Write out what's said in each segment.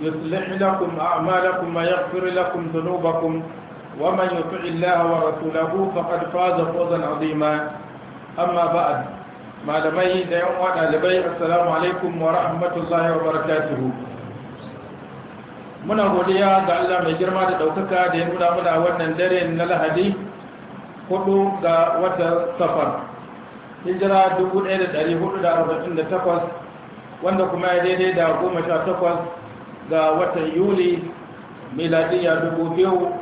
يصلح لكم أعمالكم ويغفر لكم ذنوبكم ومن يطع الله ورسوله فقد فاز فوزا عظيما أما بعد ما لمي دعوة لبي السلام عليكم ورحمة الله وبركاته muna godiya ga Allah mai girma da ɗaukaka da ya muna wannan dare na lahadi hudu ga watan safar hijira 1448 wanda kuma ya daidai da goma sha takwas ga watan yuli miladiya dubu biyu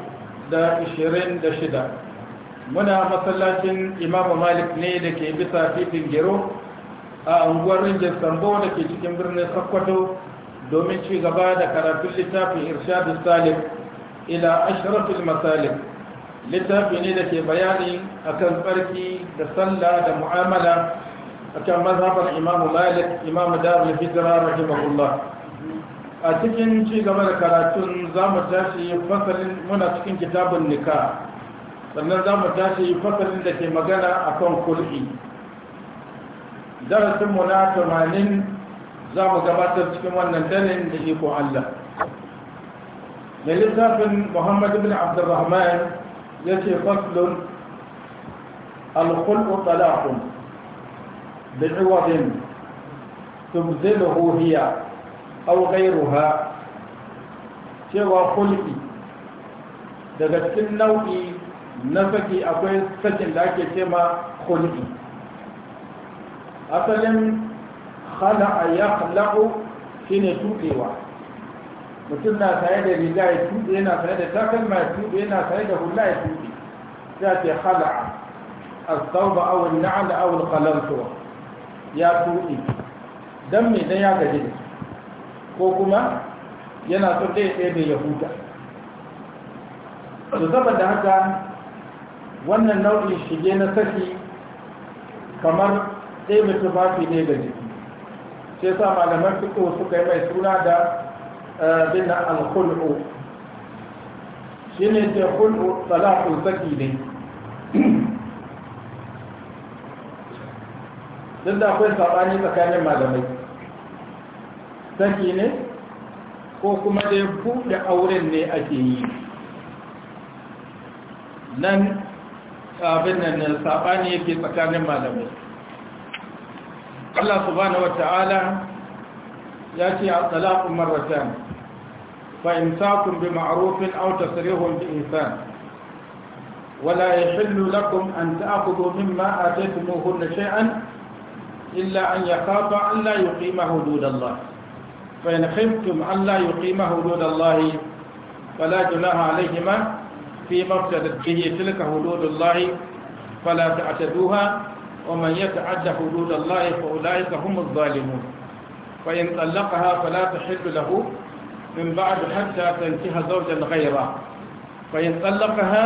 da ishirin da shida muna masallacin imamu malik ne da ke bisa titin gero a unguwar rinjin sambo da ke cikin birnin sakkwato domin ci gaba da karatun littafin irshadu salim ila ashrafil masalim littafi ne da ke bayani akan tsarki da sallah da mu'amala akan mazhabar Imam malik imamu darul rahimahullah a cikin ci gaba da karatun za mu tashi fasalin muna cikin kitabun nika sannan za mu tashi fasalin da ke magana a kan kul'i darasinmu na tamanin za mu gabatar cikin wannan danin da iko allah mai littafin muhammadu bin abdurrahman ya ce faslun alkul'u talakun da iwadin tubzilu hiya aw ghayruha cewa khulqi daga cikin nau'i na saki akwai sakin da ake ce ma khulqi asalin khala'a ya khala'u shine tuɗewa, mutum na saye da riga ya tuɗe yana saye da takalma ya tuɗe yana saye da hula ya tude sai ce khala'a as-sawba aw an-na'la aw al-qalamtuwa ya tuɗe. dan me na ya gaji da ko kuma yana so ɗaya ɗaya mai ya huta to saboda haka wannan nau'in shige na saki kamar ɗaya tufafi ne da jiki sai sa malaman fito suka yi mai suna da eh, bin alkhul'u shi ne ce hul'u talakun saki ne duk da akwai saɓani tsakanin malamai saki ne ko kuma dai buɗe auren ne ake yi nan abin nan na saɓani yake tsakanin malamai Allah subhanahu wata'ala ya ce a tsalafin marasan fahimtakun bi ma'arufin auta tsarihun bi insan wala ya hillu lakun an ta'aku domin ma'ajaitu muhun na shay'an illa an ya kafa Allah ya ƙima hududan Allah فإن خفتم ألا يقيم حدود الله فلا جناح عليهما فيما افتدت به تلك حدود الله فلا تعتدوها ومن يتعد حدود الله فأولئك هم الظالمون فإن طلقها فلا تحل له من بعد حتى تنكح زوجا غيره فإن طلقها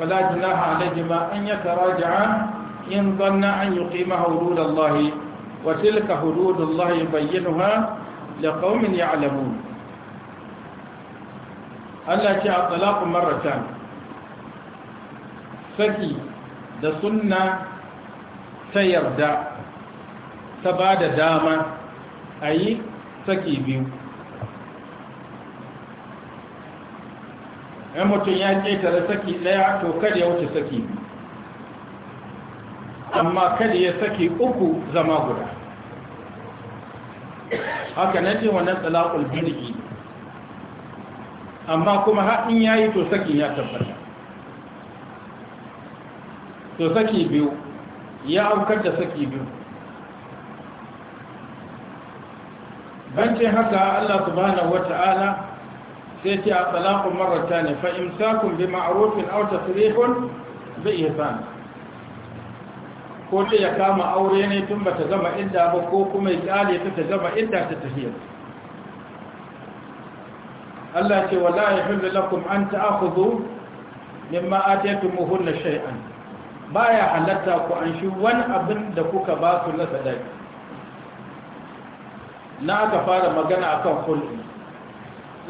فلا جناح عليهما أن يتراجعا إن ظن أن يقيم حدود الله وتلك حدود الله يبينها لقوم يعلمون Allah ce a talaqu marratan saki da sunna ta yarda ta ba da dama a yi saki biyu ‘yan mutum ya ƙetare saki ɗaya to kada ya wuce saki biyu amma kada ya saki uku zama guda haka nan ne wannan talaqul bid'i amma kuma har in yayi to sakin ya tabbata to saki biyu ya aukar da saki biyu ce haka Allah subhanahu wata'ala sai ce a talaqun marratan fa imsakun bi auta aw tasrihun bi ihsan ko dai ya kama aure ne tun ba ta gama inda ba ko kuma ya kyale ta ta gama inda ta tafiya Allah ce wala yahillu lakum an ta'khudhu na shai'an. Ba baya halatta ku an shi wani abin da kuka ba su na na aka fara magana akan kulli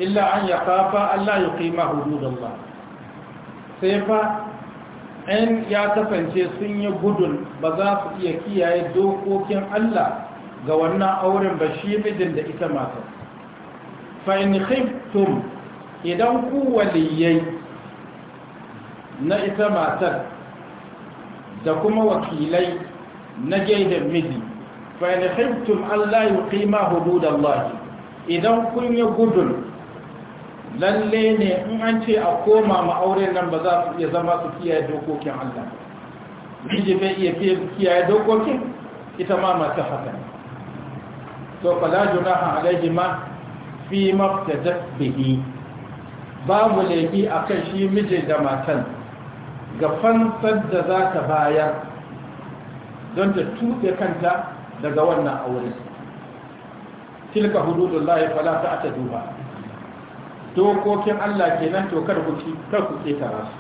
illa an kafa, Allah yuqima hududallah sai fa in ya kasance sun yi gudun ba za su iya kiyaye dokokin Allah ga wannan auren ba shi mijin da ita mata fa'in idan ku waliyai na ita matar da kuma wakilai na gaidan miji fa'in khiftum Allah yi ƙima hudud Allah idan kun yi gudun lalle ne in an ce a koma ma'auren nan ba za su iya zama su kiyaye dokokin Allah miji bai iya kiyaye dokokin ita ma masu haka to fala junaha alaihi ma fi maftadat bihi babu laifi akan shi miji da matan ga fansar da za ta bayar don ta tuɗe kanta daga wannan aure tilka hududullahi fala ta duba dokokin Allah kenan to kar ku ci kar ku ketara su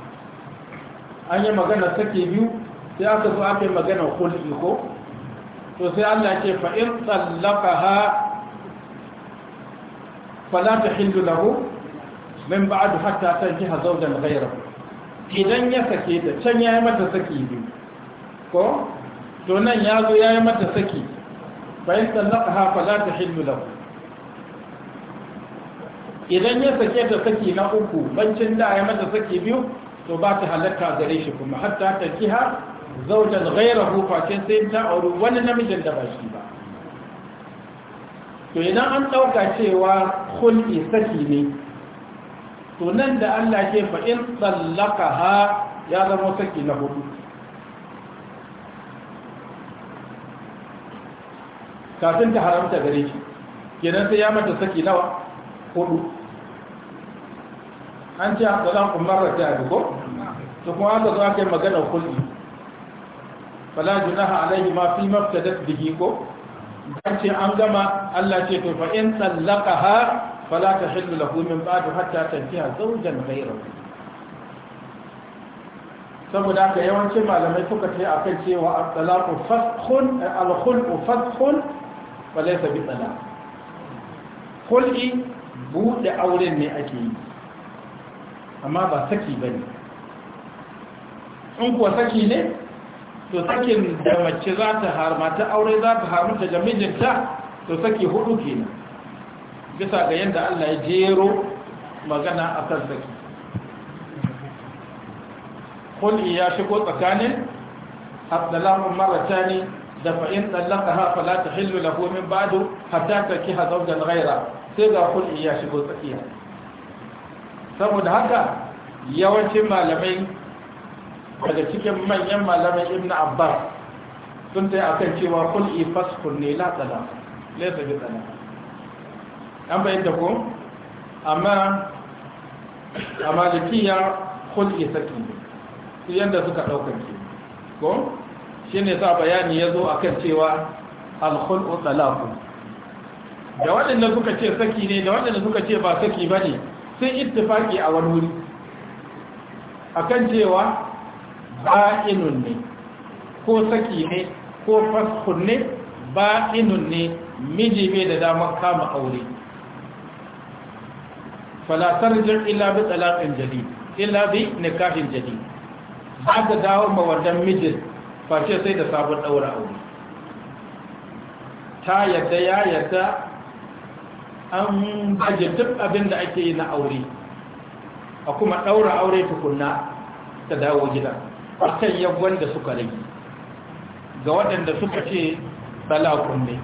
an yi magana sake biyu sai aka zo aka yi magana hulɗi ko to sai Allah ke fa in tsallaqaha fala tahillu lahu min ba'adu hatta hazau da ghayrahu idan ya sake ta can ya yi mata saki biyu ko to nan ya zo ya yi mata saki fa in tsallaqaha fala tahillu lahu idan ya sake ta saki na uku bancin da ya mata saki biyu to ba ta halatta gare shi kuma har ta kiha zaujan ghairahu fakin sai ta auri wani namijin da ba shi ba to idan an dauka cewa khul'i saki ne to nan da Allah ke fa in tsallaqaha ya zama saki na hudu kafin ta haramta gare shi kenan sai ya mata saki nawa hudu an ce haka za ku marar ta abu ko to kuma haka za ka yi magana kulli fala junaha alaihi ma fi maftadat bihi ko an ce an gama Allah ce to fa in tsallaqaha fala tahillu lahu min ba'du hatta tankiha zawjan ghayrahu saboda haka yawancin malamai suka ce akan cewa at-talaqu faskhun al-khulqu faskhun wa laysa bi talaq khulqi bude auren ne ake yi amma ba saki ba ne in kuwa saki ne to sakin da mace za ta ta aure za ta harmata da mijinta to saki hudu kenan bisa ga yadda Allah ya jero magana a kan saki kuli ya shigo tsakanin marata ne da fa'in tsallakaha hafala ta hillu lahu bado ba'du hatta ta kiha da ghaira sai ga kuli ya shigo tsakiya saboda haka yawancin malamai daga cikin manyan malamai ibn abbas sun ta yi akan cewa kul ifaskun ne latsala tsada laisa bi tsada an da ko amma a malikiya kul saki, su yadda suka ɗaukar ke ko shi ne sa bayani ya zo akan cewa alkhul utsalaku da waɗanda suka ce saki ne da waɗanda suka ce ba saki ba ne sun ittifaki a wani wuri akan cewa ba'inun ne ko saki ne ko faskun ne ba'inun ne miji bai da damar kama aure falatar jir illa bi talaƙin jadi illa bi nikahin jadi za ka dawo mawardan mijin face sai da sabon daura aure ta yadda ya yadda an baje duk abin da ake yi na aure a kuma ɗaura aure tukunna ta dawo gida a kan yawon da suka rage ga waɗanda suka ce tsala ne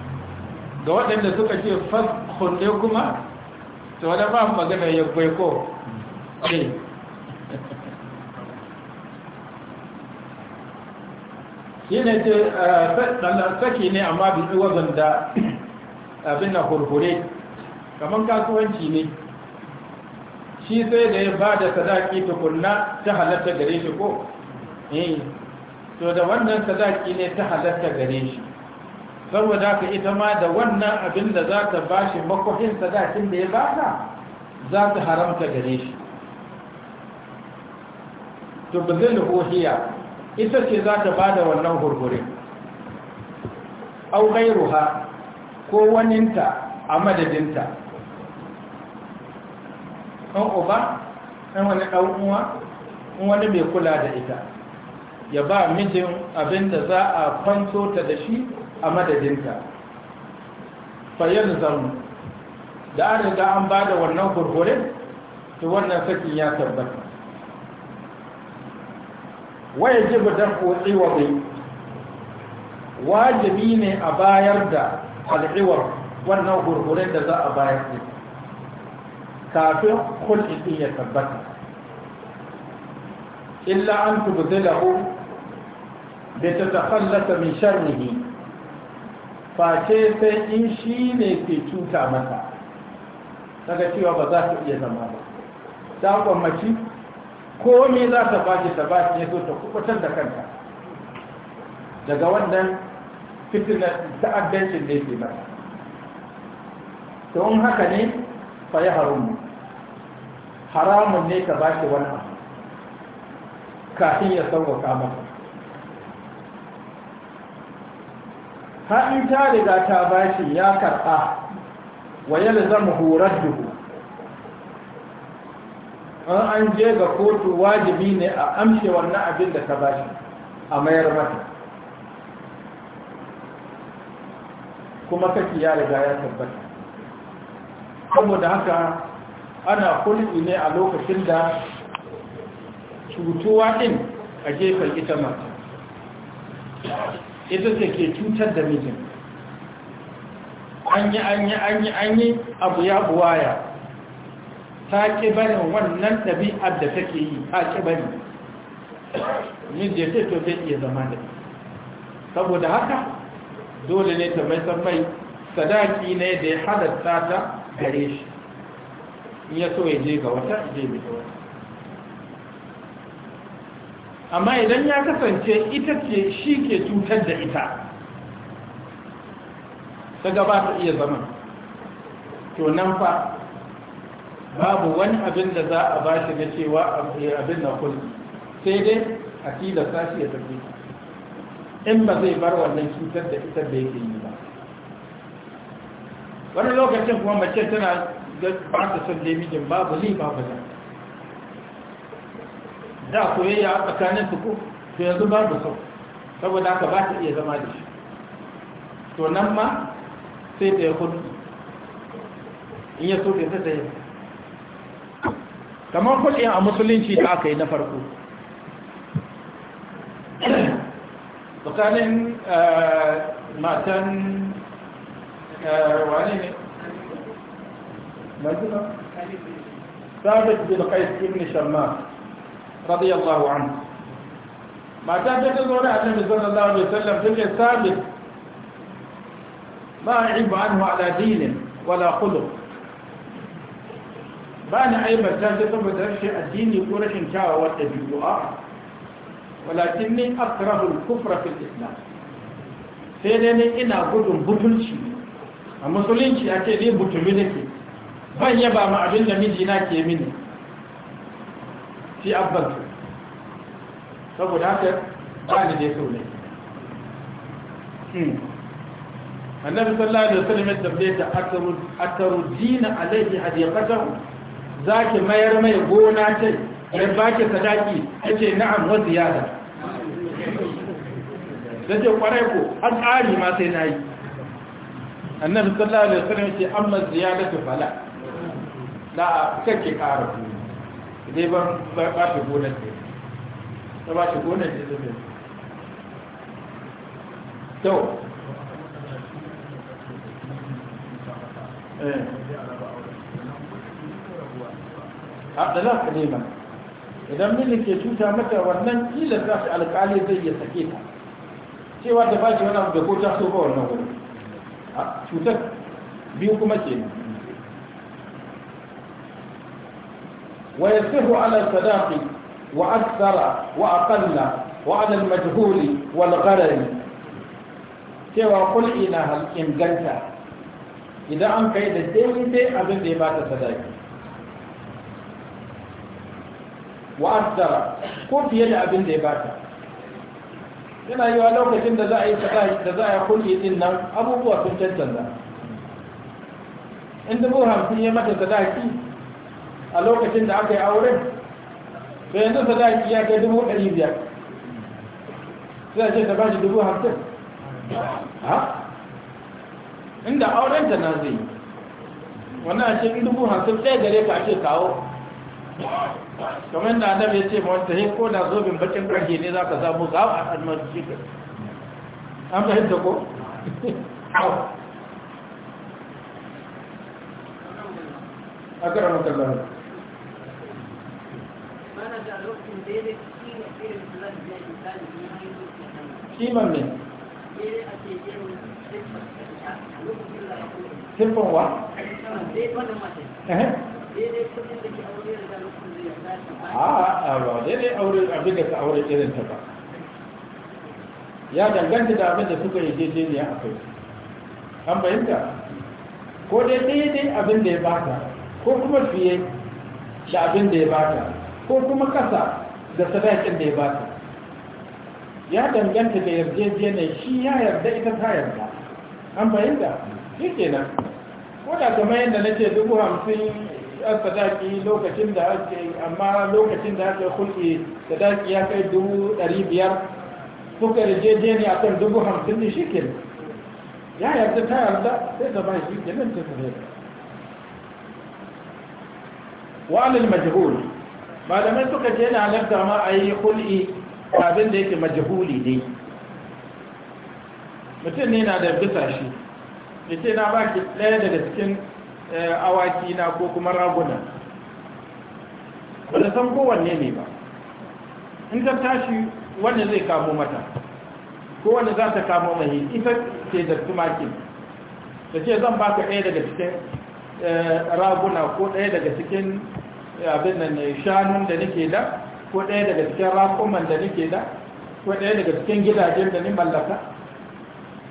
ga waɗanda suka ce fas ne kuma ta wadda ba magana gwai ko ce eh. shi ne ce tsaki eh, ne amma bisu wazan da abin na hurhure kamar kasuwanci ne shi sai da ya ba da sadaki tukunna ta halatta gare shi ko eh to da wannan sadaki ne ta halatta gare shi saboda ka ita ma da wannan abin da za ta ba shi sadakin da ya ba ta za ta haramta gare shi to ba zai ita ce za ta ba da wannan hurhure. au ha ko waninta a madadinta Kan uba an wani ɗan uwa wani mai kula da ita ya ba mijin abin da za a kwanto ta da shi a madadinta fayyar zamu da an riga an ba da wannan gurgurin to wannan sakin ya tabbata waya ji budan kotsi wa bai wajibi ne a bayar da al'iwar wannan gurgurin da za a bayar ne kafin kulli din ya tabbata illa an tubdilahu bi tatakhallasa min sharrihi face sai in shi ne ke cuta masa daga cewa ba za ta iya zama ba ta kwammaci ko me za ta baki ta baki ya zo ta kubutar da kanta daga wannan fitinar ta'addancin da ya ba to in haka ne fa ya mu. haramun ne ka ba shi wani abu kafin ya sauƙaƙa maka haɗin ta riga ta bashi, ya karɓa wa yal zama horar duhu an an je ga kotu wajibi ne a amshe wannan abin da ta bashi, a mayar mata kuma kaki ya riga ya tabbata saboda haka ana kulki ne a lokacin da cutuwa din a jefar ita mata ita ce ke cutar da mijin an yi an yi abu ya buwaya ta ƙi barin wannan ɗabi'ar da take yi ta ƙi bari mijin ce to zai iya zama da saboda haka dole ne ta mai sadaki ne da ya halatta ta gare shi in ya so ya je ga wata je mai wata amma idan ya kasance ita ce shi ke cutar da ita ta gaba ta iya zama to nan fa babu wani abin da za a bashi na cewa abin na kulli sai dai a tilasta sashi ya tafi in ba zai bar wannan cutar da ita da yake yi ba wani lokacin kuma mace tana don ba ta son lemijin babu ba babu da da koyayya a tsakanin su to yanzu babu sau saboda aka ba ta iya zama da shi to nan ma sai ta ya kudu in ya so ta ta yi kamar kudin a musulunci da aka yi na farko tsakanin eh, matan eh, wani ne مجنة ثابت بن قيس بن شماس رضي الله عنه ما كان تقول لنا النبي صلى الله عليه وسلم تلك ثابت ما أعيب عنه على دين ولا خلق ما نعيب الجنة ثم تنشي الدين يقول إن شاء والدين ولكني أكره الكفر في الإسلام سيدني إن أقول بطلشي المسلمين أكيد بطلشي ban yaba ma abin da mijina ke mini fi abban saboda haka bani ni dai so ne hmm. annabi sallallahu alaihi wasallam ya tambaye ta akaru akaru dina alaihi hadiqatahu zaki mayar mai gona ta dan baki sadaki yace na'am wa ziyada dace kwarai ko an tsari ma sai nayi annabi sallallahu alaihi wasallam ya ce amma ziyadatu fala na a kan ke kara kuma dai ban ba shi gonar ne ta ba shi gonar ne zai ne to a da ka nema idan mini ke cuta mata wannan kila za su alƙali zai ya sake ta cewa da ba shi wani abu da ko ta so ba wannan wuri ah, cutar biyu kuma kenan ويصح على الصداق وأكثر وأقل وعلى المجهول والغرر cewa kul ina inganta idan an kai da daidai abin da ya bata sadaki wa asdara ko fiye da abin da ya bata yana yiwa lokacin da za a yi sadaki da za a kulli din nan abubuwa sun in dubu hamsin ya mata sadaki a lokacin da aka yi auren da yanzu sadaki ya kai dubu ɗari biyar sai ce ta shi dubu hamsin ha inda auren ta na zai wannan ce in dubu hamsin ɗaya gare ka ce kawo kamar da annabi ya ce ma wata yi, ko da zobin bakin ƙarfi ne za ka samu za a almarci ka an fahimta ko? a da kallon kiman ne siffan wa? a ba daidai aure abin da ta aure irin ta ba ya danganta da abin da suka yi ne a kai an bayanta ko dai daidai abin da ya bata ko kuma fiye da abin da ya bata ko kuma kasa da sadakin da ya ba ta ya danganta da yarjejeniyar shi ya yarda ita ta yarda an da shi ke nan wadda kamar yadda na ce dubu hamsin yan sadaki lokacin da ake amma lokacin da ake hulki sadaki ya kai dubu ɗari biyar suka yarjejeniya kan dubu hamsin ne shi ke nan ya yarda ta yarda sai ta ba shi ke nan ta sadaki wa'alil majhul malamai suka ce na da ma a yi hul'i abin da yake majahuli ne mutum ne na da bisa shi ya ce na baki ɗaya daga cikin eh, awaki na ko kuma raguna ba san kowanne ne ba in ta tashi wanda zai kamo mata ko wanda za ta kamo mai ita ce da tumakin ta ce zan baka ɗaya daga cikin eh, raguna ko ɗaya daga cikin abin nan ne eh, shanun da nake da ko ɗaya daga cikin rakuman da nake da ko ɗaya daga cikin gidajen da ni mallaka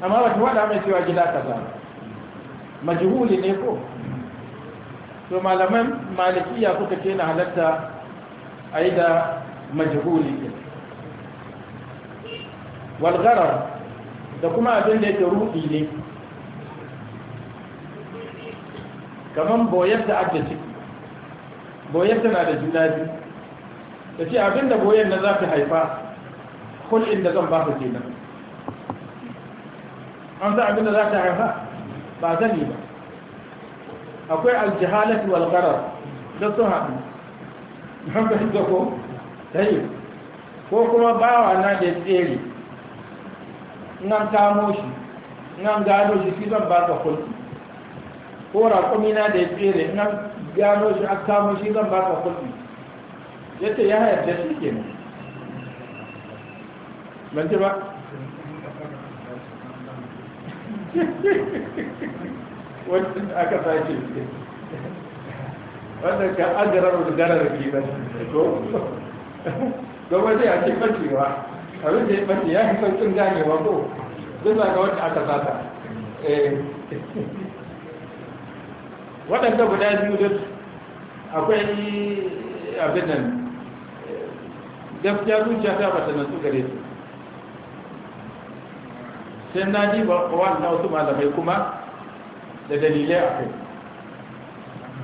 amma ba ta faɗa mai cewa gida kaza majhuli ne ko to malaman malikiya suka ce na halatta a yi da majhuli ne walgarar da kuma abin da yake rudi ne kamar boyar da adda ciki boyar tana da juna biyu da ce abinda boyar na za ta haifa hulɗin da zan ba ku kenan an sa abinda za ta haifa ba zani ba akwai aljihalatu wal gharar da sun haɗu hankali shiga ko Sai. ko kuma bawa na da tsere nan kamo shi nan gado shi shi zan ba ka hulɗi ko raƙumi da da tsere nan gano shi a kamo shi zan baka kuɗi ya ce ya yarda shi ke nan ban ji ba da aka sace wannan ka da ke rikinan ko domin zai ake ɓacewa abin da ya ɓace ya fi sauƙin ganewa ko zai zaga wanda aka sata eh. waɗanda guda biyu da akwai abin nan gaskiya zuciya ta bata nasu gare su sai na ji ba na wasu malamai kuma da dalilai a kai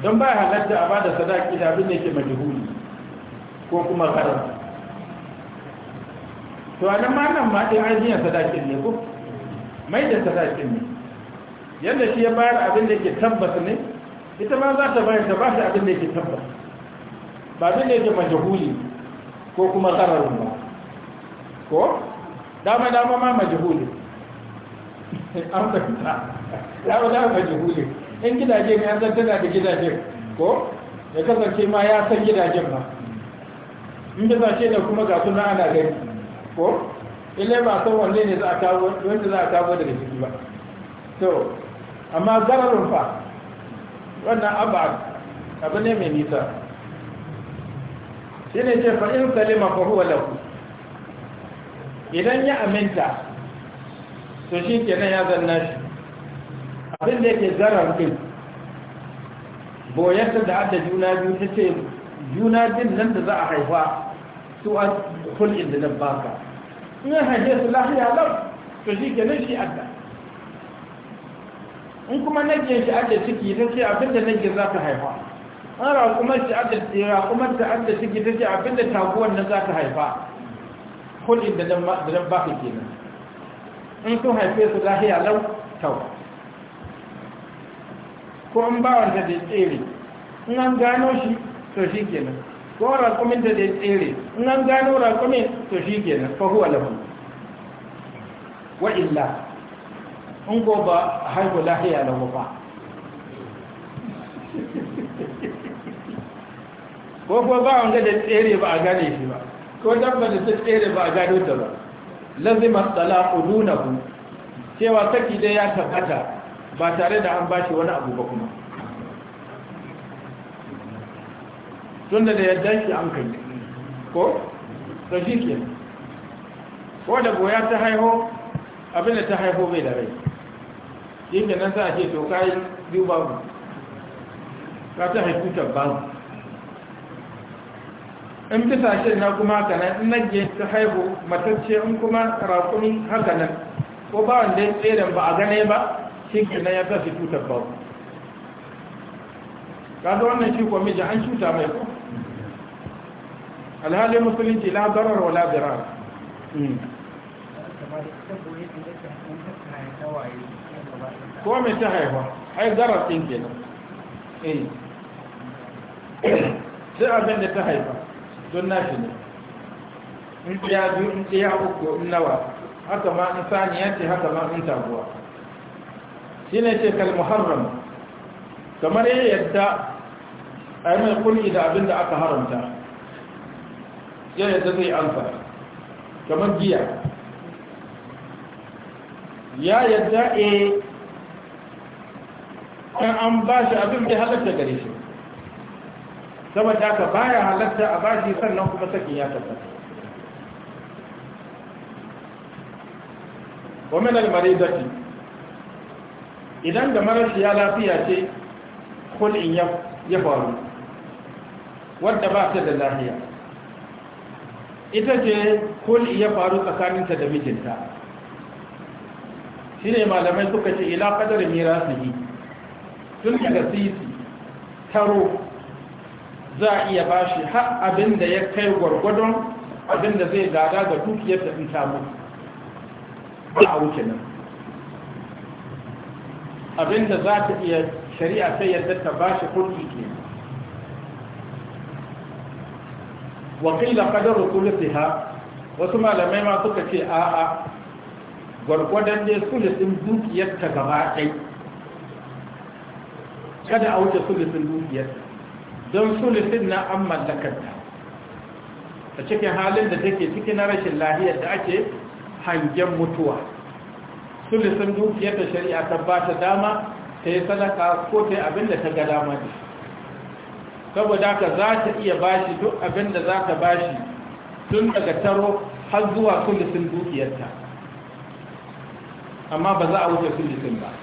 don ba halatta a ba da sadaki da abin da ke majihuli ko kuma haram to a nan malam ma ɗin ajiyar sadakin ne ko mai da sadakin ne yadda shi ya bayar abin da ke tabbas ne ita ma za ta bayar ta ba ta abin da yake tabbas ba abin da yake majahuli ko kuma tsararun ba ko dama dama ma majahuli an dama majahuli in gidaje ne an zantana da gidajen ko ya kasance ma ya san gidajen ba in da zace da kuma ga suna ana gani ko ile ba san wanne ne za a kawo daga ciki ba to amma zararun fa wannan abad abu ne mai nisa shi ne ce fa'in salima fahuwa lahu idan ya aminta to shi kenan ya zanna shi abin da yake zarar din boyarta da adda juna biyu ta ce juna din nan da za a haifa su a kulin da na baka in haife su lahiya lau to shi kenan shi adda in kuma nage shi adda ciki ta ce abin da nage za ta haifa an raƙumar shi adda tsira kuma ta ake ciki ta ce da taguwar nan za ta haifa kudin da dan ba ka kenan in sun haife su lahiya lau tau ko an ba wanda da tsere in an gano shi to shi kenan ko raƙumin da da tsere in an gano raƙumin to shi kenan fahuwa lafi lahu wa illa An ko ba haihu lahiya da gufa ko ko ba ga da tsere ba a gane shi ba ko dabba da ta tsere ba a gano ta ba lazima nuna dunahu cewa saki dai ya tabbata ba tare da an bashi wani abu ba kuma tunda da yadda shi an kai ko to shi ke ko da goya ta haiho abinda ta haihu bai da rai shi ke nan sa ce to kayi biyu babu ka ta haifu babu in bisa shi na kuma haka nan in nage ta haihu matacce in kuma rakumi haka nan ko ba wanda ya tseren ba a gane ba shi ke nan ya ta fi tutar babu zo wannan shi kuwa miji an cuta mai ko alhalin musulunci la darar wa labirar hmm. ko mai ta haifa ai zarar ɗin kenan eh sai abin da ta haifa don nashi ne in ya biyu in ya uku in nawa haka ma in saniya ce haka ma in taguwa shi ne ce kalmuharram kamar ya yadda a yi mai kuli da abin da aka haramta ya yadda zai amsa kamar giya ya yadda e in an ba shi abin bai halatta gare shi saboda haka baya halatta a ba shi sannan kuma sakin ya tabbata wa min al idan da marashi ya lafiya ce kulin ya ya faru wadda ba ta da lafiya ita ce kulin ya faru tsakaninta da mijinta shine malamai suka ce ila qadar mirasihi tun daga sisi taro za a iya bashi har abin da ya kai gwargwadon abin da zai gada ga dukiyar da ta mutu ba a wuce nan abin da za ta iya shari'a sai yadda ta bashi kurki ke wakila kadar ha wasu malamai ma suka ce a'a gwargwadon dai sulisin dukiyar ta gaba ɗai kada a wuce sulisin dukiyarta don sulisin na an mallakarta a cikin halin da take ciki na rashin lahiyar da ake hangen mutuwa sulisin dukiyarta shari'a ta ba ta dama ta yi sadaka ko ta yi abin da ta ga dama ne saboda ka za ta iya bashi duk abin da za ta bashi tun daga taro har zuwa sulisin dukiyarta amma ba za a wuce sulisin ba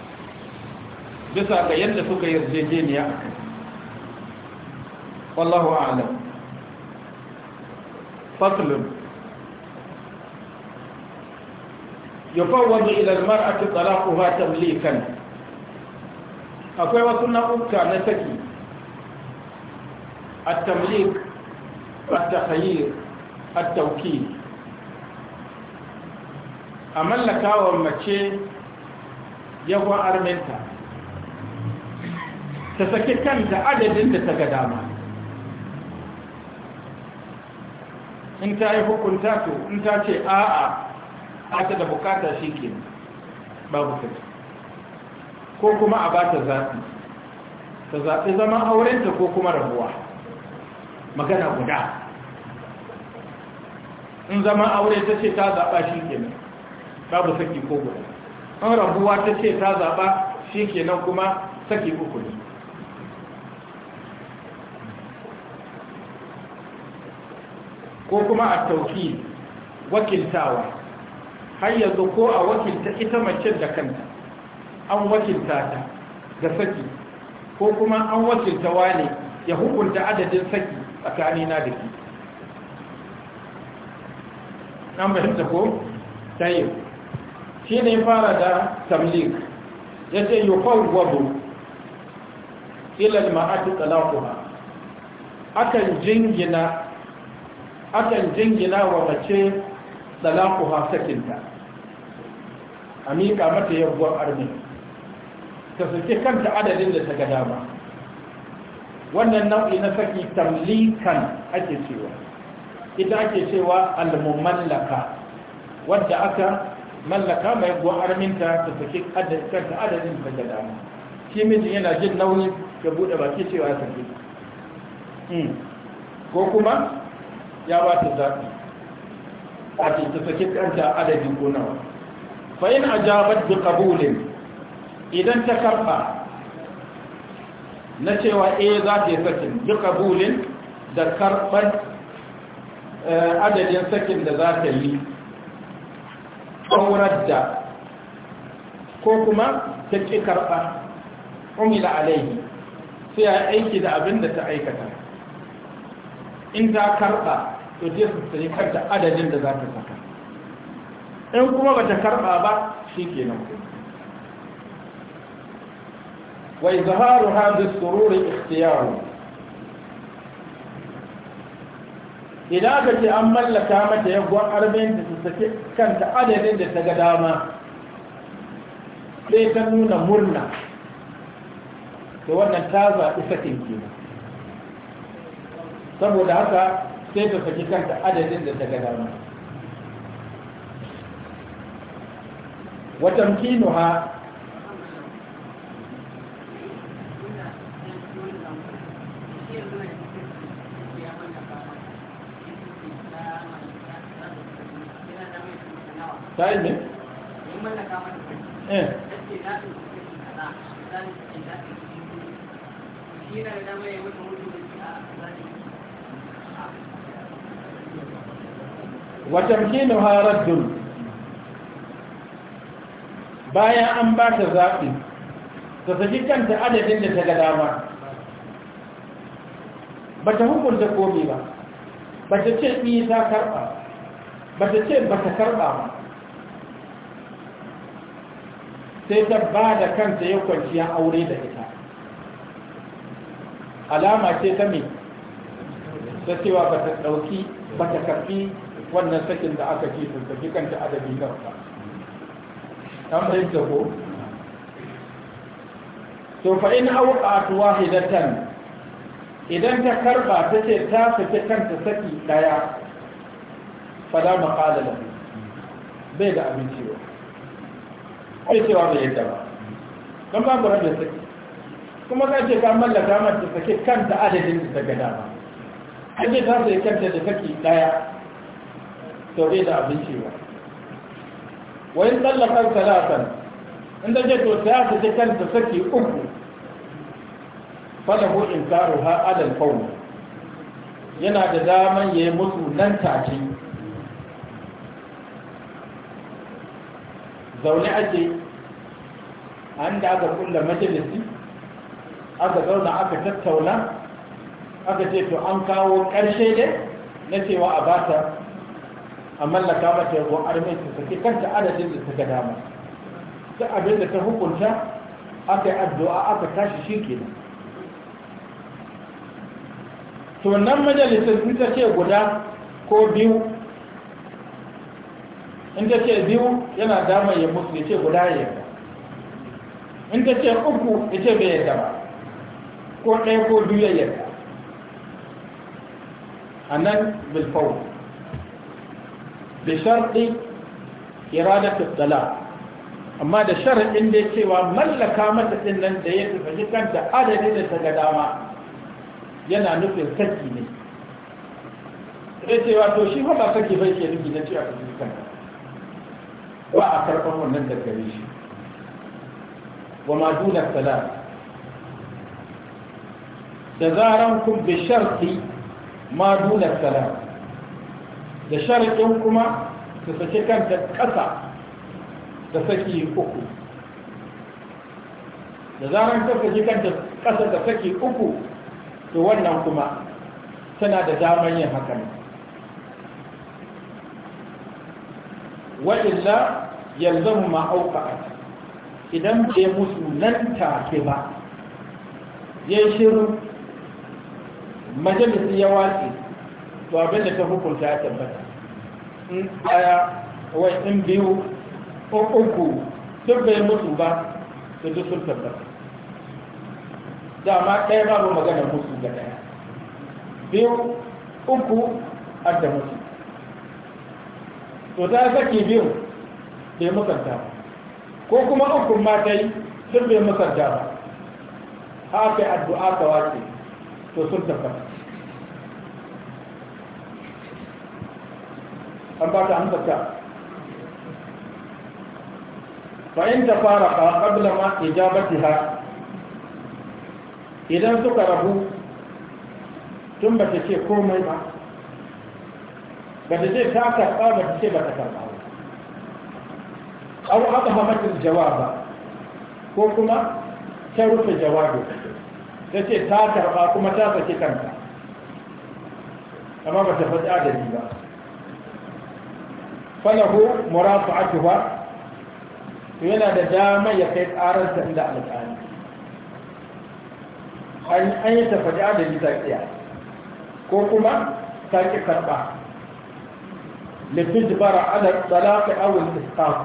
bisa ga yadda suka yarjejeniya wallahu a'lam faslun yufawwadu ila al-mar'ati talaquha tamlikan akwai wasu nau'uka na saki at-tamlik at-takhayyir at-tawkil a mallakawa mace yawon arminta ta sake kanta adadin da ta ga dama in ta yi hukunta to in ta ce a'a a ta da bukata shi ke babu kai ko kuma a ba ta zafi, ta zafi zama aurenta ko kuma rabuwa magana guda in zama aure ta ce ta zaɓa shi ke babu saki ko guda in rabuwa ta ce ta zaɓa shi ke nan kuma saki uku ko kuma a tauki wakiltawa har yanzu ko a wakilta ita mace da kanta an wakilta ta da saki ko kuma an wakilta wane ya hukunta adadin saki tsakanina da ke an fahimta ko yi shi ne fara da tamlik ya ce yi kwalwado ilal ma'adu talakuwa akan jingina akan jingina wa mace salaku ha sakinta a miƙa mata yabuwar armi ta saki kanta adadin da ta ga dama wannan nau'i na saki tamlikan ake cewa ita ake cewa almumallaka wadda aka mallaka mai yabuwar arminta ta saki kanta adadin da ta ga dama shi mijin yana jin nauyin ya buɗe baki cewa ya saki hmm. ko kuma ya ba ta zaɓi a ce ta saki kanta adadin ko nawa fa in ajabat bi qabulin idan ta karɓa na cewa eh za ta yi sakin bi qabulin da karɓar eh, adadin sakin da za ta yi aurar da ko kuma ta ƙi karɓa umila alaihi sai a aiki da abin da ta aikata in ta karɓa to je su sayi kanta adadin da za ka saka in kuma ba ta karɓa ba shi ke nan wai zaharu hadis sururin ikhtiyaru idan aka ce an mallaka mata yagwar arba'in da su saki kanta adadin da ta ga dama sai ta nuna murna da wannan ta zaɓi sakin kenan saboda haka sai ka saki kanta adadin da ta ma. Watan Kino ha. Ta yi طيب ايه eh. وتمكينها رد ta أن kanta adadin da ta ga dama, ba bata hukunta komai ba ta ce ni ta ba ta ce ta karɓa ba sai ta ba da kanta ya kwanciya aure da ita alama ce ta me ta cewa bata ba bata karfi wannan sakin da aka ce sun tafi kanta adadi na wata an fahimta ko to fa a tuwa hidatan idan ta karba ta ce ta saki kanta saki daya fa da maqala bai da abinci ba ai cewa bai yadda ba ba mu rabin saki kuma ka ce ka mallaka mata saki kanta adadin da daga dama kaje ta sai kanta da saki daya to da abinci ba wa tsallakar talatan inda ta to ta su ji kanta saki uku fada in karu ha adal yana da daman ya yi mutu nan take zaune ake an da aka kulla majalisi aka zauna aka tattauna aka ce to an kawo ƙarshe ne na cewa a bata a mallaka mata yawon armai ta sake kanta adadin da ta ga dama duk abin da ta hukunta aka yi addu'a aka tashi shi kenan to nan majalisar in ta ce guda ko biyu in ta ce biyu yana damar ya musu ya ce guda ya in ta ce uku ya ce bai yarda ba ko ɗaya ko biyu ya yarda a nan bilfawo da sharɗi iradatul talaq amma da sharaɗin da cewa mallaka mata ɗin da ya tafi kanta adadin da ta ga dama yana nufin saki ne ya cewa to shi ba saki bai ke nufi na cewa tafi kanta ba a karɓar wannan da gare shi wa ma duna da zaran kun bi sharti ma duna salat da sharaɗin kuma ta sake kanta ƙasa da saki uku da zarar ta sake kanta ƙasa da saki uku to wannan kuma tana da damar yin hakan wa'illa yalzamu ma'auka idan bai musu nan take ba ya shiru majalisi ya watsi to abin da ta hukunta ya tabbata in tsaya wai in biyu ko uku duk bai mutu ba su duk sun tabbata dama ɗaya mu magana mutu ga ɗaya biyu uku har da mutu to ta sake biyu bai mukanta ba ko kuma uku ma ta yi sun bai mukanta ba haka addu'a ka wace to sun tabbata an ba ta amsarta fa'in ta fara ka ƙabla ma ijabati ha idan suka rabu tun ba ta ce komai ba ba ta ce ta karɓa ba ta ce ba ta karɓa ba au aka hamatin jawaba ko kuma ta rufe jawabi ta ce ta karɓa kuma ta saki kanta amma ba ta faɗi adadi ba falahu muratu atuwa yana da dama ya kai ƙararsa inda alƙali an yi tafaji adali ta ko kuma ta ƙi karɓa lafis bara ala tsalaƙi awon iskaf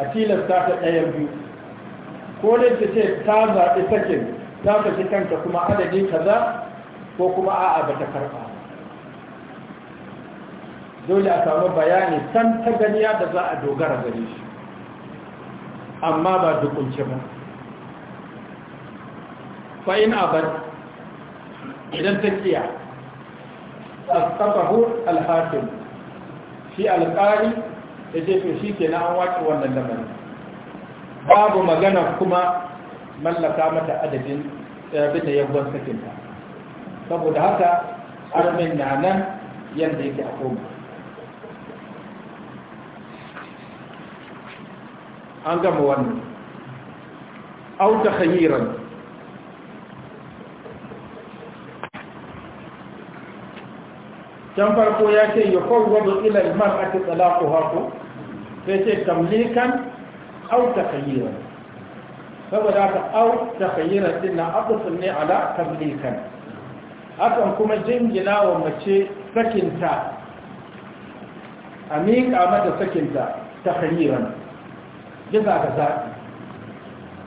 a tilasta ta ɗayan biyu ko da ta ce ta zaɓi sakin ta fi kanta kuma adadi kaza ko kuma a'a ba ta karɓa dole a samu bayani san ta ganiya da za a dogara gani shi amma ba dukunce ba fa'in abad idan ta kiya astafahu alhakim shi alƙari da jefe shi ke na an waƙi wannan babu magana kuma mallaka mata adadin abin eh, da yabon sakinta saboda haka armin na nan yadda yake a koma an gama wannan au takhayyiran can farko ya ce ya wadda ila al ake tsala ko haku, sai ce tamlikan au ta takhayyiran saboda ka au ta takhayyiran din na abdul ne ala tamlikan akan kuma jingina wa mace sakinta a miƙa mata sakinta ta takhayyiran bisa ga zaɓi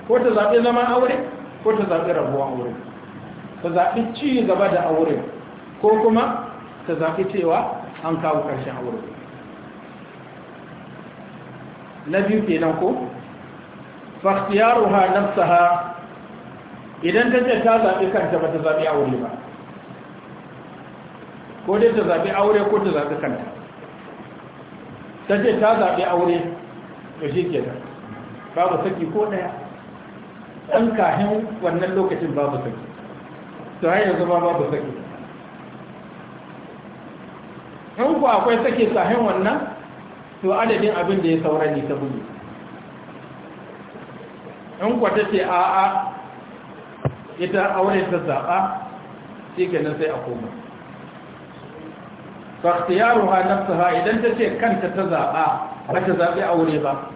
ko ta zaɓi zama aure ko ta zaɓi rabuwan aure ta zaɓi ci gaba da aure ko kuma ta zaɓi cewa an kawo ƙarshen aure na biyu kenan ko ha faktiyaruha ha. idan ta ce ta zaɓi kanta ba ta zaɓi aure ba ko dai ta zaɓi aure ko ta zaɓi kanta ta ce ta zaɓi aure ta shi ke nan babu saki ko ɗaya ɗan kahin wannan lokacin babu saki to har yanzu ba babu saki in ku akwai sake kahin wannan to adadin abin da ya saura ne ta bugu in ku ta ce a'a ita aure ta zaɓa shi kenan sai a koma fakhtiyaruha nafsaha idan ta ce kanta ta zaba ba ta zabi aure ba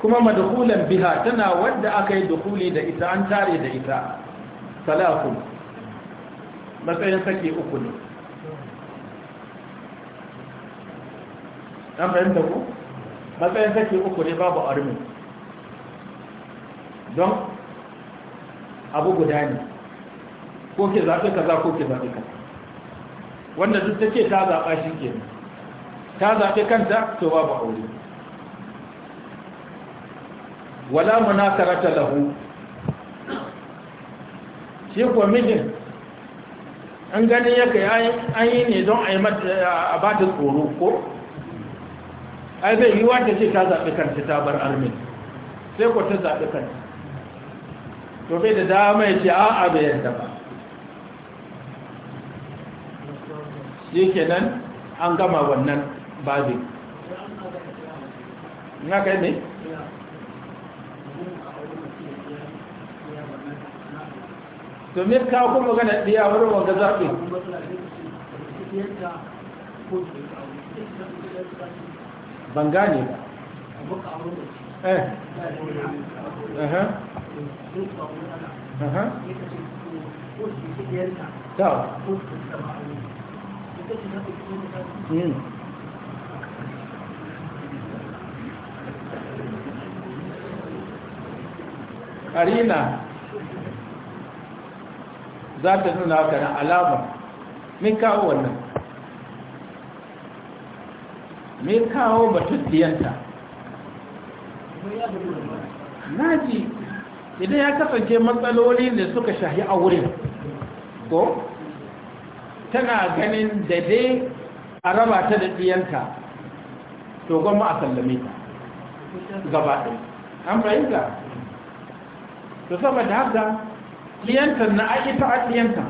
kuma madhulan biha tana wadda aka yi dukuli da ita an tare da ita salatu matsayin sake uku ne an fahimta ku matsayin sake uku ne babu armi don abu guda ne ko ke zaɓi kaza ko ke zaɓi kaza wanda duk take ta zaɓa shi ke ta zaɓi kanta to babu aure wala munakarata lahu shi kuwa an ganin ya kai an yi ne don a ba ta tsoro ko ai zai yi wata ce ta zaɓi kanta ta bar armin sai ko ta zaɓi kanta to bai da dama ya ce a a bai yadda ba shi kenan an gama wannan babin na kai ne domin ka kuma magana ɗaya wurin wanda zaɓe ban gane ba eh Karina za ta nuna haka na alama min kawo wannan min kawo batun Na ji idan ya kasance matsaloli da suka shahi a wurin ko tana ganin da dai a raba ta da ɗiyanta to gwamma a sallame ta gaba ɗin an fahimta to saboda haka ɗiyantar na ai ta a ɗiyanta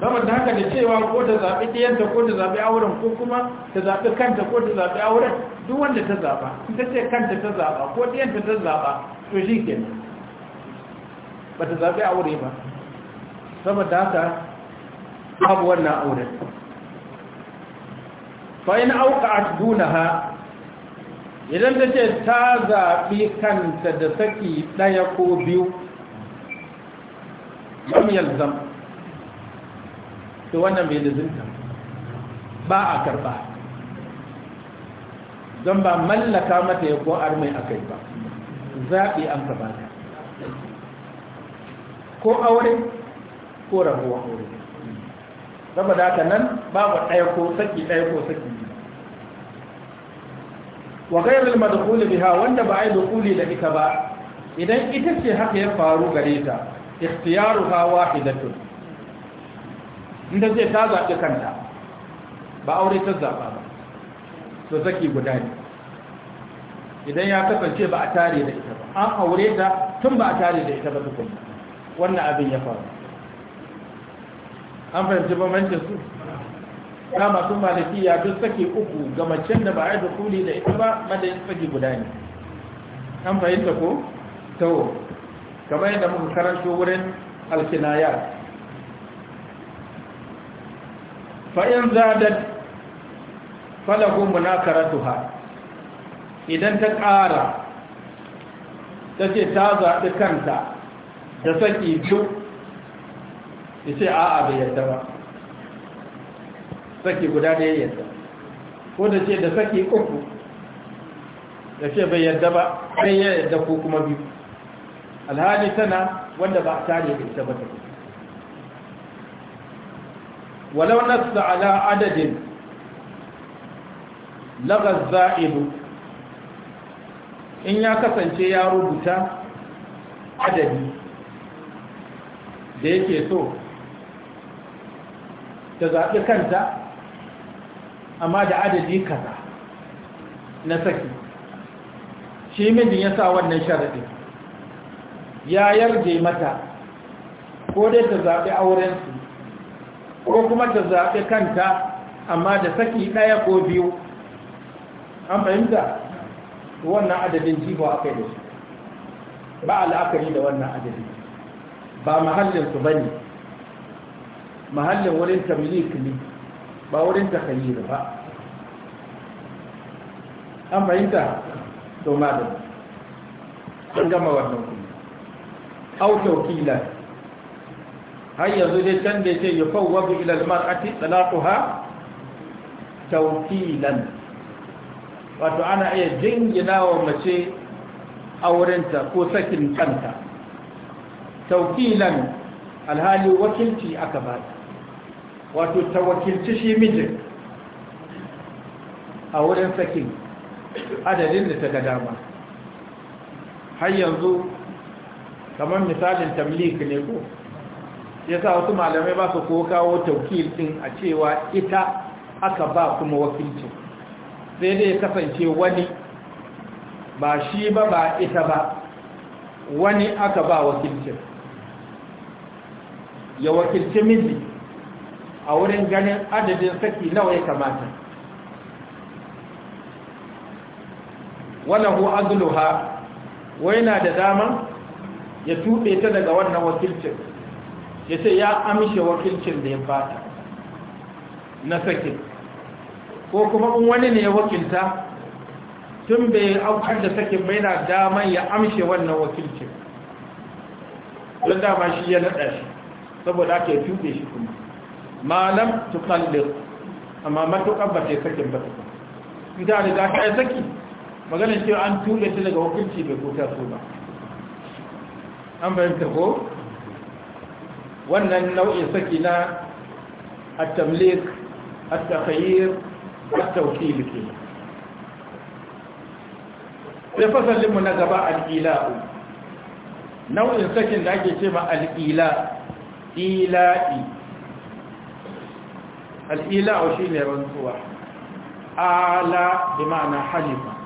saboda haka da cewa ko ta zaɓi ɗiyanta ko ta zaɓi auren ko kuma ta zaɓi kanta ko ta zaɓi auren duk wanda ta zaɓa in ta ce kanta ta zaɓa ko ɗiyanta ta zaɓa to shi kenan ba ta zaɓi aure ba saboda haka babu wannan auren fa'in auka a dunaha idan ta ce ta zaɓi kanta da saki ɗaya ko biyu lam yalzam to wannan bai zinta ba a karba don ba mallaka mata ya ko armai kai ba zaɓi an ka bata ko aure ko rabuwa aure da haka nan babu ɗaya ko saki ɗaya ko saki wa gairar madakuli biha wanda ba a yi dakuli da ita ba idan ita ce haka ya faru gare ta ikhtiyaruha wahidatun inda zai ta zaɓi kanta ba aure ta zaba ba to zaki guda ne idan ya kasance ba a tare da ita ba an aure ta tun ba a tare da ita ba tukun wannan abin ya faru an fahimci bambancin su masu sun ya duk sake uku ga macen da ba a yi dukuli da ita ba madayin sake guda ne an fahimta ko? tawo kamar yadda muka karanto wurin alkinaya fa'in zadad karatu munakaratuha idan ta ƙara ta ce ta zaɓi kanta da saƙi biyu ya ce a'a bai yadda ba saƙi guda ɗaya yadda ko da ce da saƙi uku ya ce bai yadda ba ɗaya yadda ko kuma biyu alhali tana wanda ba a tare da ita ba ta walau nasta ala adadin lagas za'ibu in ya kasance ya rubuta adadi da yake so ta zaɓi kanta amma da adadi kaza na saki shi mijin ya sa wannan sharaɗin ya yarje mata ko dai ta zaɓi aurensu ko kuma ta zaɓi kanta amma da saki ɗaya ko biyu an fahimta wannan adadin jibo a kai da shi ba al'akari da wannan adadin ba mahallinsu ba ne mahallin wurin tamilik ne ba wurin takhayyir ba an fahimta to madam an gama wannan aw tawkila har yanzu dai can da yake yufawwadu ila almar'ati talaquha tawkilan wato ana iya jingina wa mace aurenta ko sakin kanta tawkilan alhali wakilci aka ba wato ta wakilci shi mijin a wurin sakin adadin da ta ga dama har yanzu kamar misalin tamlik ne ko ya sa wasu malamai ba su ko kawo taukil din a cewa ita aka ba kuma wakilci sai dai kasance wani ba shi ba ba ita ba wani aka ba wakilcin ya wakilci miji a wurin ganin adadin saki nawa ya kamata wala hu azluha wai na da dama ya tuɗe ta daga wannan wakilcin ya ce ya amshe wakilcin da ya bata na sakin ko kuma in wani ne ya wakilta tun bai aukar da sakin bai na daman ya amshe wannan wakilcin don dama shi ya naɗa shi saboda ake tuɗe shi kuma malam tukallir amma matuƙar ba ta yi sakin ba ta kuma ita da ta yi saki maganin cewa an tuɗe ta daga wakilci bai kuta su ba an fahimta ko wannan nau'in saki na at-tamlik at-takhayyir at-tawkil ke sai fasalin mu na gaba al-ila'u nau'in sakin da ake ce ma al'ila ila ila'i al shi ne rantsuwa ala bi ma'ana halifa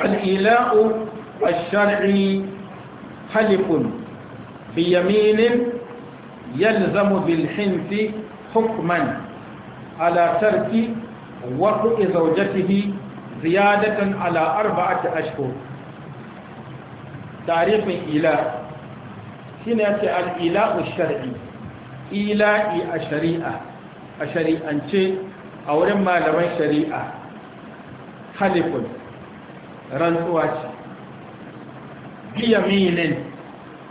الإيلاء الشرعي حلف بيمين يلزم بالحنث حكما على ترك وقع زوجته زيادة على أربعة أشهر تعريف الإيلاء هنا الإيلاء الشرعي إيلاء الشريعة الشريعة أو رمى لمن شريعة خلف rantsuwa ce milin,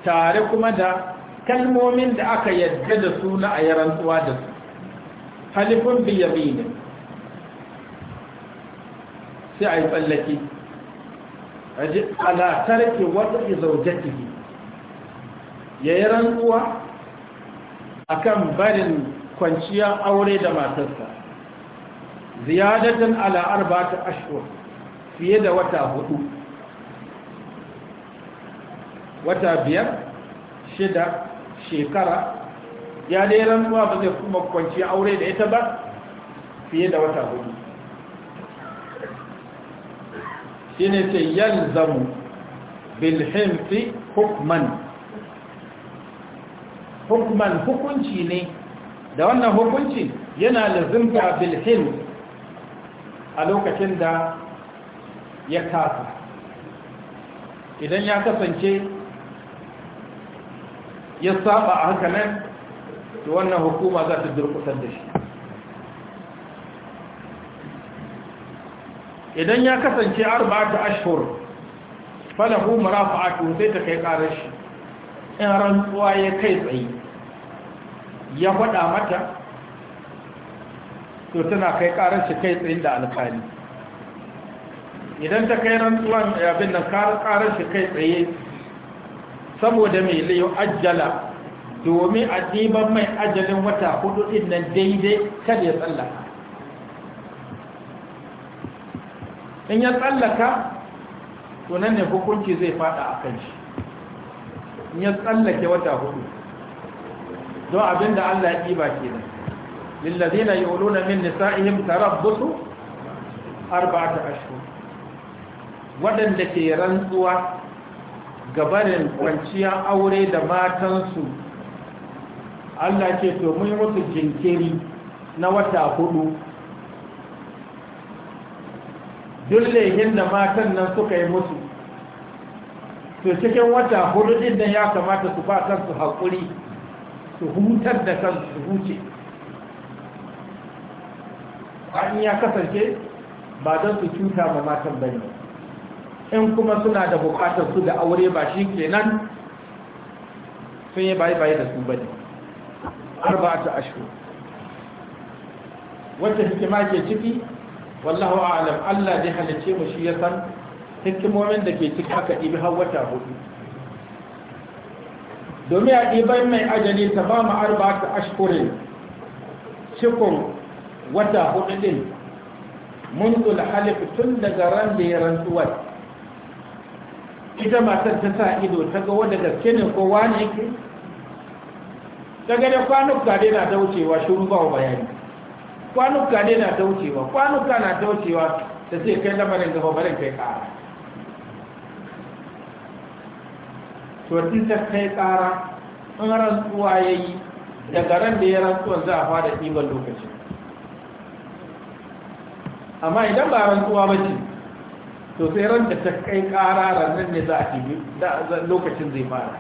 tare kuma da kalmomin da aka yadda da su na a yi rantsuwa da su halifin milin. sai a yi tsallake a ji alatarki wata izaujaki ya yi rantsuwa a kan barin kwanciyar aure da matarsa ziyadatan ala arba'ata ashhur fiye da wata hudu wata biyar shida shekara ya dai rantsuwa ba zai kuma kwanci aure da ita ba fiye da wata hudu shi ne ce yalzamu bilhimfi hukman hukman hukunci ne da wannan hukunci yana lazimta Bilhin a lokacin da ya kasa idan ya kasance ya saba a haka nan to wannan hukuma za ta durkutar da shi idan ya kasance arba'atu ashhur falahu marafa'atu sai ta kai karar shi in rantsuwa ya kai tsaye ya faɗa mata to tana kai karar shi kai tsaye da alƙali idan ta kai rantsuwan eh, abin nan karar shi kai tsaye saboda mai liyo ajjala domin a ɗiban mai ajalin wata hudu ɗin nan daidai kada ya tsallaka in ya tsallaka to nan ne hukunci zai fada a kan shi in ya tsallake wata hudu don abinda Allah ya ɗiba ke nan lillazina yi uluna min nisa'ihim tarabbusu arba'ata ashhur waɗanda ke rantsuwa gabarin kwanciya aure da matansu Allah ce to mun musu jinkiri na wata hudu dullehin da matan nan suka yi musu to cikin wata hudu din nan ya kamata su ba kansu haƙuri su hutar da kansu su huce an ya kasance ba don su cuta ma matan bane in kuma suna da bukatar su da aure ba shi kenan sun yi bayi bayi da su ba ne, bane ta ashhur Wata hikima ke ciki wallahu a'lam Allah dai halice mu shi ya san hikimomin da ke ciki aka ibi har wata hudu domin a ɗiban mai ajali ta ba mu arba'atu ashhurin cikon wata hudu mun منذ الحلق tun daga ran da ya rantsuwar ita matar ta sa ido ta ga wanda gaske ne ko wane yake ta gane kwanuka dai na ta wucewa shuru ba bayani kwanuka dai na ta wucewa kwanuka na ta wucewa ta sai kai lamarin gaba barin kai kara to ta kai kara in rantsuwa ya yi daga ran da ya rantsuwa za a fara ɗiban lokacin amma idan ba rantsuwa ba ce to sai ran da ta kai ƙara nan ne za a tibi lokacin zai fara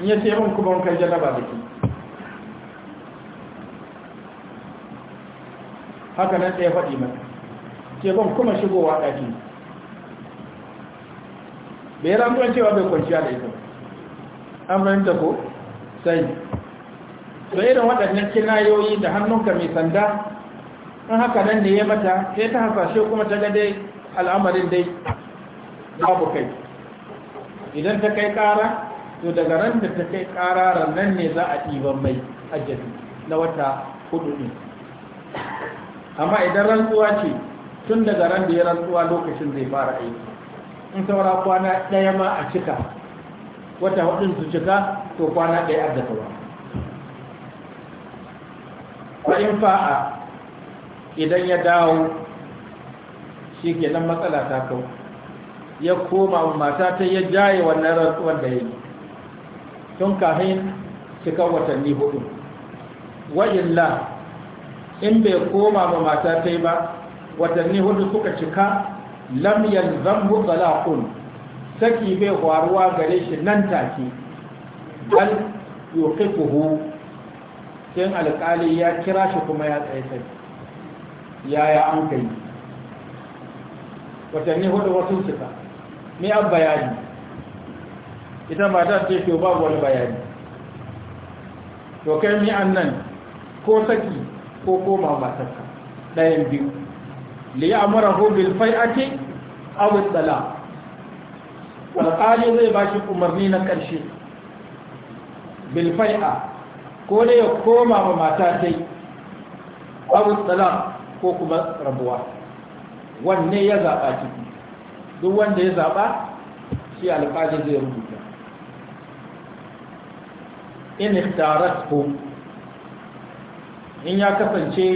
in ya ce min kuma kai janaba da ke haka nan ɗaya faɗi mata ce ban kuma shigowa ɗaki bai yi ramuwan cewa bai kwanciya da ita an fahimta ko sai da irin waɗannan kinayoyi da hannunka mai sanda in haka nan ne ya mata sai ta hasashe kuma ta ga dai al'amarin dai babu kai idan ta kai kara to daga ran da ta kai kararan nan ne za a ɗiban mai ajali na wata hudu ne amma idan rantsuwa ce tun daga ran da ya rantsuwa lokacin zai fara aiki in saura kwana ɗaya ma a cika wata hudun su cika to kwana ɗaya a daga ba in fa'a idan ya dawo shi ke nan matsala ta kawo ya koma mata ta ya jaye wannan rasuwan da ya yi tun kahin cika watanni hudu la in bai koma wa mata ta yi ba watanni hudu suka cika zan yalzam mutalaqun saki bai faruwa gare shi nan take bal kuhu sai alƙali ya kira shi kuma ya tsaye sai yaya an kai watanni hudu wasu suka mai an bayani ita ta ce ba babu wani bayani to kai ni an nan ko saki ko koma matarka ɗayan biyu li ya amara fai ake abin tsala alƙali zai ba shi umarni na ƙarshe bilfai'a ko da ya koma ba mata ta yi abu tsala ko kuma rabuwa wanne ya zaɓa ciki duk wanda ya zaɓa shi alƙalin zai rubuta in ikhtarat ko in ya kasance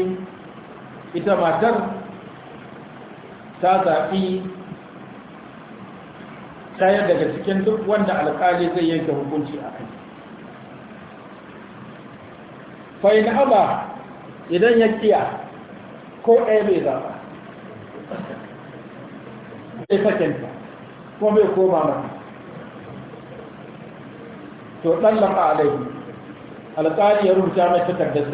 ita matar ta zaɓi tayar daga cikin duk wanda alƙali zai yanke hukunci a kai fa'in aba idan ya kiya ko ɗaya bai zaɓa bai sakenta kuma bai koma mata to a laifin alƙari ya rubuta mai takardar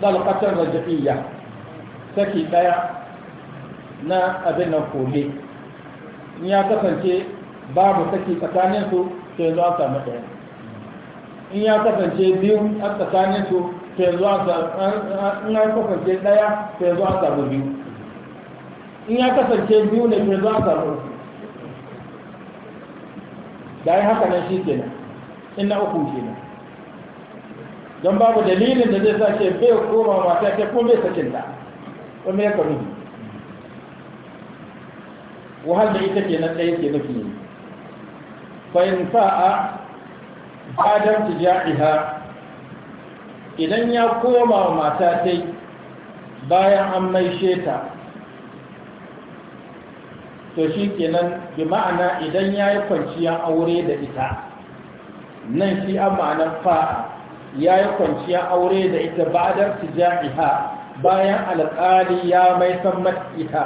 saki da jafiya saki ɗaya na abin nan kole ya kasance babu saki tsakaninsu sai za a samu ɗaya in ya kasance biyu a tsakaninsu sai zuwa in an kasance ɗaya sai zuwa samu biyu in ya kasance biyu ne sai zuwa samu da ya haka nan shi kenan in na uku kenan don babu dalilin da zai sa ce bai koma mata ta kuma bai sakin ta wani ya karu wahal da ita kenan ɗaya ke nufi ne fa in sa'a adam tija'iha idan ya koma mata tai bayan an maishe ta to shi kenan bi ma'ana idan ya yi kwanciyar aure da ita nan shi an ma'anar fa ya yi kwanciyar aure da ita ba a da tija'iha bayan alƙali ya mai san ita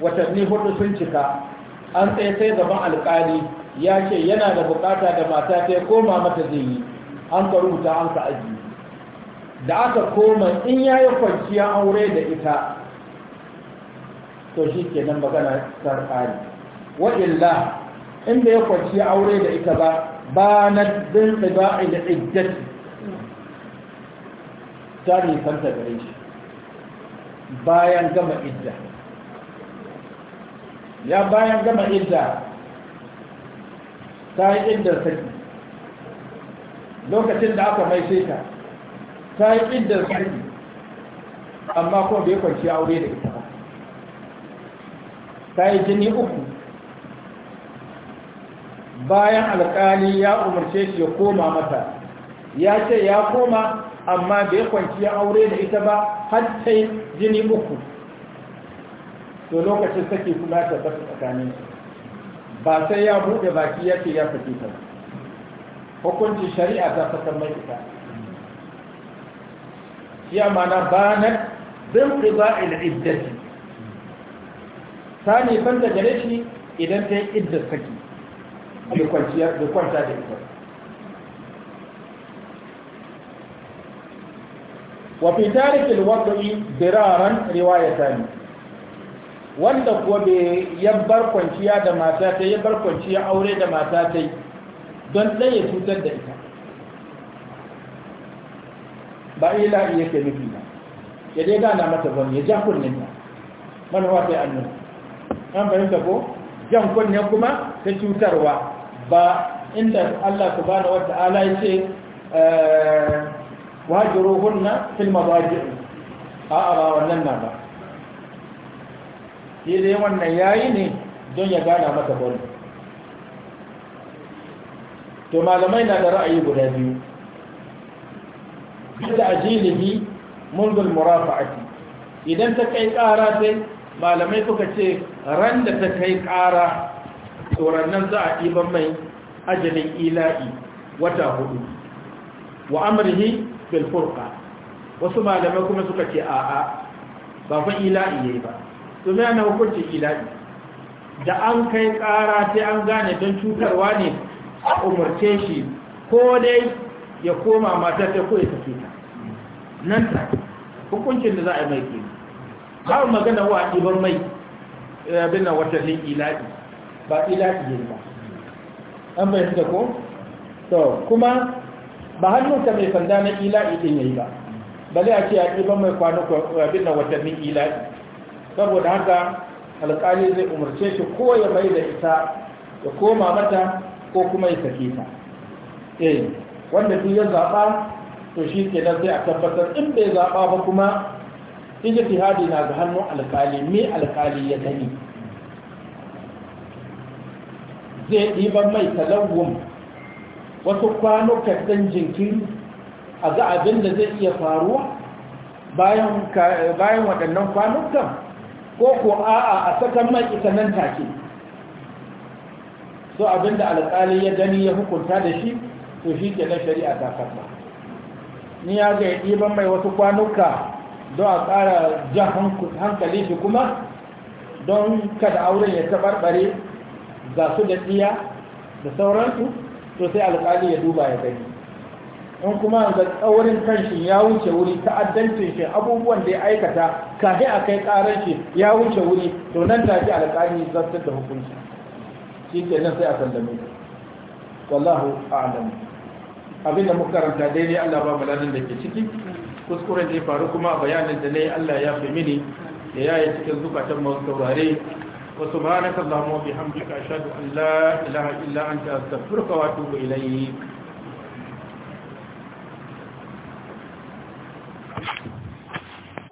watanni hudu sun cika an tsaye sai gaban alƙali ya ce yana da bukata da mata ta koma mata zai yi an ka rubuta an ka ajiye da aka koma in ya yi kwanciya aure da ita to shi ke nan magana sarƙari wa'illa inda ya kwanciya aure da ita ba ba na bin ɗiba'i da ɗiddati ta nisanta gare shi bayan gama idda ya bayan gama idda ta yi iddar saki lokacin da aka mai shekara ta yi ƙindar sarki amma kuma bai kwanci aure da ita ba ta yi jini uku bayan alƙali ya umarce shi ya koma mata ya ce ya koma amma bai kwanci aure da ita ba har ta yi jini uku to lokacin sake kuma ta tafi tsakanin ba sai ya buɗe baki ya ce ya fake ta hukuncin shari'a ta fasar mai ita ya mana banar bin ƙiba il'iddati ta nisan da gare shi idan ta yi iddar saki bai kwanta da ita wafi tarikin waɗo'i biraran riwaya ta ne wanda kuwa bai yabbar kwanciya da mata ta yabbar kwanciya aure da mata ta yi, don ɗaya cutar da ita ba ilahi yake nufi ba ya dai gana mata zan ya ja kunnen mana manuwa sai annu an fahimta ko jan kunnen kuma ta cutarwa ba inda Allah subhanahu wata'ala ya ce eh, hunna fil mabaji' a a wannan na ba shi dai wannan yayi ne don ya gana mata wani to malamai na da ra'ayi guda biyu da ajilihi murafa murafa'ati idan ta kai ƙara sai malamai suka ce ran da ta kai ƙara tsoronan za a ɗiban mai ajalin ila'i wata hudu wa amurhi bilfurka wasu malamai kuma suka ce a'a ba fa ila'i yi ba su mai na hukuncin ila'i da an kai ƙara sai an gane don cutarwa ne a umarce shi ko dai ya koma mata ta ko ya tafi ta nan ta hukuncin da za a yi mai kenan har magana wa ɗiban mai eh, abin wata ne ilaɗi ba ilaɗi ne ba an bai da ko? to kuma ba hannunka mai sanda na ilaɗi ɗin yayi ba bale a ce a ɗiban mai kwanuka abin wata ne ilaɗi saboda haka alƙali zai umarce shi ko ya mai da ita ya koma mata ko kuma ya sake ta eh wanda duk ya zaɓa to shi ke nan sai a tabbatar in bai zaɓa ba kuma ijtihadi na ga hannun alƙali me alƙali ya gani zai ɗiban mai talawun wasu kwanukan ɗan jinkiri a ga abin da zai iya faruwa bayan waɗannan kwanukan ko ko a'a a sakan mai ita nan take so abin da alƙali ya gani ya hukunta da shi to shi ke na shari'a ta karba ni ya ga ban mai wasu kwanuka don a ƙara jan hankali shi kuma don kada auren ya taɓarɓare ga su da tsiya da sauransu to sai alƙali ya duba ya gani in kuma ga tsaurin kanshi ya wuce wuri ta'addancin shi abubuwan da ya aikata kafin a kai ƙarar shi ya wuce wuri to nan ta ji alƙali zartar da hukunci shi ke nan sai a sallame wallahu a'lamu abin da muka karanta daidai Allah ba malamin da ke ciki kuskuren da ya faru kuma bayanin da ne Allah ya fi mini da ya yi cikin zukatan mu saurare wa subhanaka allahumma wa bihamdika ashhadu an la ilaha illa anta astaghfiruka wa atubu ilayk